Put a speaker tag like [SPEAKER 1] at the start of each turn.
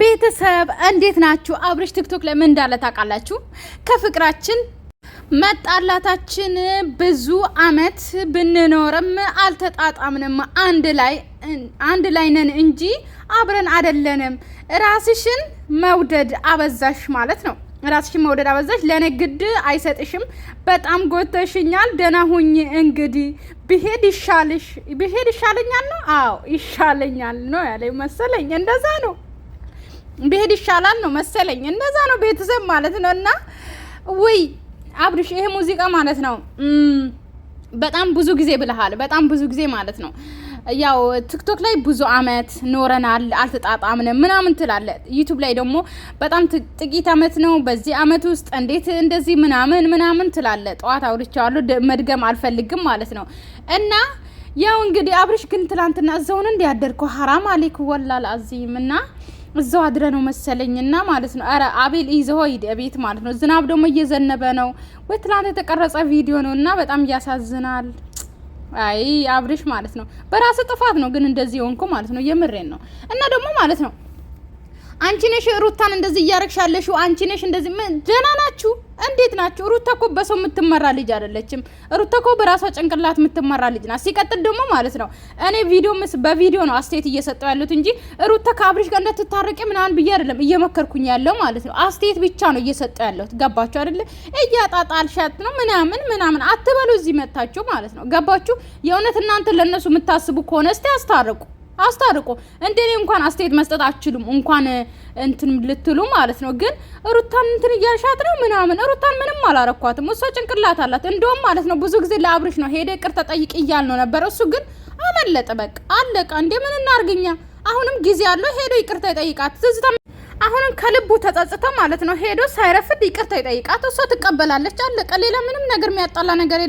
[SPEAKER 1] ቤተሰብ እንዴት ናችሁ? አብርሽ ቲክቶክ ላይ ምን እንዳለ ታውቃላችሁ? ከፍቅራችን መጣላታችን ብዙ አመት ብንኖርም አልተጣጣምንም። አንድ ላይ አንድ ላይ ነን እንጂ አብረን አይደለንም። ራስሽን መውደድ አበዛሽ ማለት ነው። ራስሽን መውደድ አበዛሽ፣ ለእኔ ግድ አይሰጥሽም። በጣም ጎተሽኛል። ደህና ሁኝ እንግዲህ ብሄድ ይሻልሽ ብሄድ ይሻለኛል ነው። አዎ ይሻለኛል ነው ያለኝ መሰለኝ። እንደዛ ነው ብሄድ ይሻላል ነው መሰለኝ። እነዛ ነው ቤተሰብ ማለት ነው። እና ውይ አብርሽ ይሄ ሙዚቃ ማለት ነው በጣም ብዙ ጊዜ ብለሃል፣ በጣም ብዙ ጊዜ ማለት ነው። ያው ቲክቶክ ላይ ብዙ አመት ኖረናል አልተጣጣምንም ምናምን ትላለ። ዩቱብ ላይ ደግሞ በጣም ጥቂት አመት ነው፣ በዚህ አመት ውስጥ እንዴት እንደዚህ ምናምን ምናምን ትላለ። ጠዋት አውርቼዋለሁ፣ መድገም አልፈልግም ማለት ነው እና ያው እንግዲህ አብርሽ ግን ትላንትና እዛውን እንዲያደርገው ሀራም አሌክ ወላል አዚም እና እዛው አድረ ነው መሰለኝና ማለት ነው። አረ አቤል ይዘው ሂድ ቤት ማለት ነው። ዝናብ ደግሞ እየዘነበ ነው። ወይ ትላንት የተቀረጸ ቪዲዮ ነው እና በጣም ያሳዝናል። አይ አብርሽ ማለት ነው በራስ ጥፋት ነው ግን እንደዚህ ሆንኩ ማለት ነው። የምሬን ነው እና ደግሞ ማለት ነው አንቺ ነሽ ሩታን እንደዚህ እያረግሻለሽ፣ አንቺ ነሽ እንደዚህ። ደህና ናችሁ? እንዴት ናችሁ? ሩታ እኮ በሰው የምትመራ ልጅ አይደለችም። ሩታ እኮ በራሷ ጭንቅላት የምትመራ ልጅ ናት። ሲቀጥል ደግሞ ማለት ነው እኔ ቪዲዮ ምስ በቪዲዮ ነው አስተያየት እየሰጠው ያሉት እንጂ ሩታ ከአብሪሽ ጋር እንደትታረቂ ምናምን ብዬ አይደለም እየመከርኩኝ ያለው ማለት ነው። አስተያየት ብቻ ነው እየሰጠው ያለሁት። ገባችሁ አይደለ? እያጣጣልሻት ነው ምናምን ምናምን አትበሉ። እዚህ መታችሁ ማለት ነው። ገባችሁ? የእውነት እናንተ ለእነሱ የምታስቡ ከሆነ እስቲ አስታርቁ። አስታርቆ እንደኔ እንኳን አስተያየት መስጠት አችሉም እንኳን እንትን ልትሉ ማለት ነው። ግን ሩታን እንትን እያልሻት ነው ምናምን። ሩታን ምንም አላረኳትም። እሷ ጭንቅላት አላት። እንደውም ማለት ነው ብዙ ጊዜ ለአብርሽ ነው ሄደ ይቅርታ ጠይቅ እያል ነው ነበር። እሱ ግን አመለጠ። በቃ አለቀ። እንዴ ምን እናርግኛ? አሁንም ጊዜ አለው ሄዶ ይቅርታ ይጠይቃት። ትዝታ አሁንም ከልቡ ተጸጽቶ ማለት ነው ሄዶ ሳይረፍድ ይቅርታ ይጠይቃት። እሷ ትቀበላለች። አለቀ። ሌላ ምንም ነገር የሚያጣላ ነገር የለም።